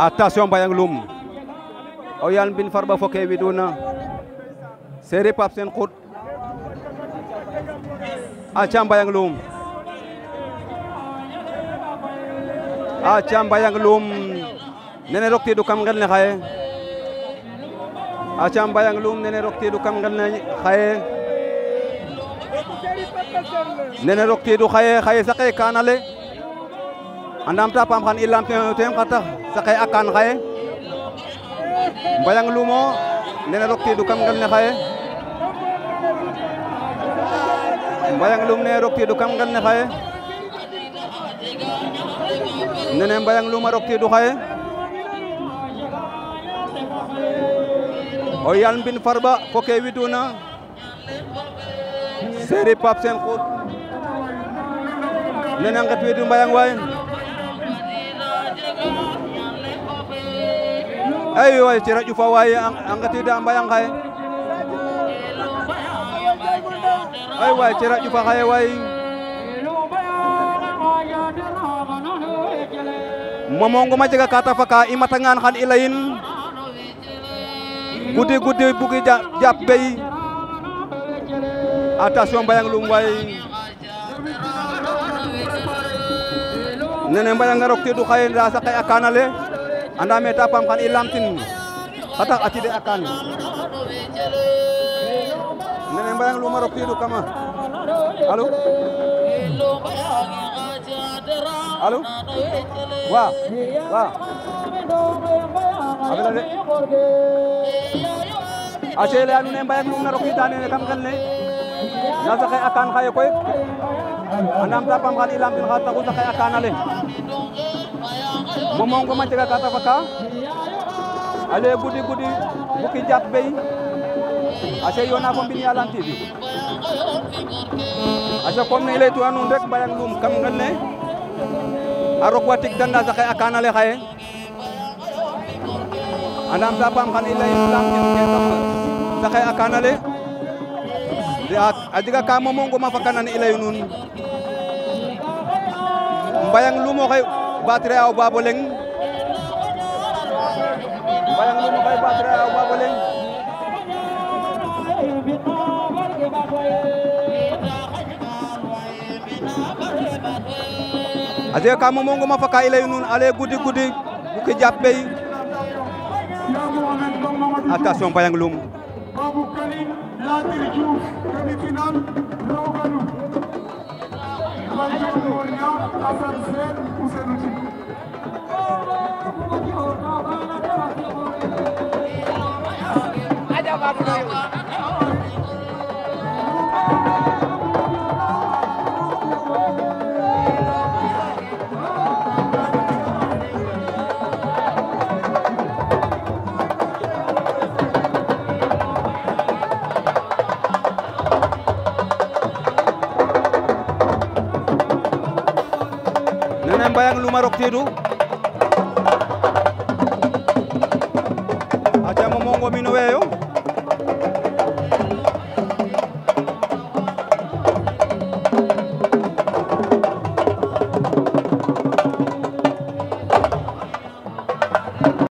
attention mbayang lum o yaal mbin farba fo ke widuna seeri pap sen xut aca mbayang lum aca mbayang lum nene roktiidu kam ngel ne xaye aca mbayang lum nene roktiidu kam ngel ne xaye nene roktiidu xaye xaye saqe kaana le andamta paam xan i lamto xa tax saqe a kaan xaye mbayang lumo nene roktiidu kam ngel ne xaye mbayang lum ne roktiidu kam ngel ne xaye nene mbayang luma roktiidu xaye o yaal mbin farba fo ke widuna seri pap sen xuut nene nget widu mbayang waay ay way ci raju fa waye anga ti da mbayang kay ay way ci raju fa kay way momongo ma jaga kata fa ka imatangan kan ilain gudi gudi buki jap bay atas yang bayang lungway nene bayang ngarok ti du kay rasa kay akanale anda meta pam kan ilamtin kata atide akan nene bayang lu maro pidu kama halo halo wa wa abela de achele anu nene bayang lu maro kita nene kam kan le nasa kay akan kayo koy anam tapam kan tin kata ko sa kay akan ale momon ko mantiga kata tafa ya, ka ale gudi gudi buki jat bey ase yona ko bin yalan tv ase kom ne letu anun rek bayang lum kam Arok watik danda zakay akana le khaye anam tapam kan ilay islam ke zakay akana le adiga ka momon ko mafakana ilay nun bayang lumo kay batere aw Babaleng mbayang lu mbay batere aw Babaleng ade ka mo mongo ma faka ilay nun ale guddi guddi bu ko jàppee attention mbayang lum Babou Walid Bourgnon, Assane Sène, Ousseynou Djigo. Sene Mbayang Luma Roktidu aca momongo mino weeyo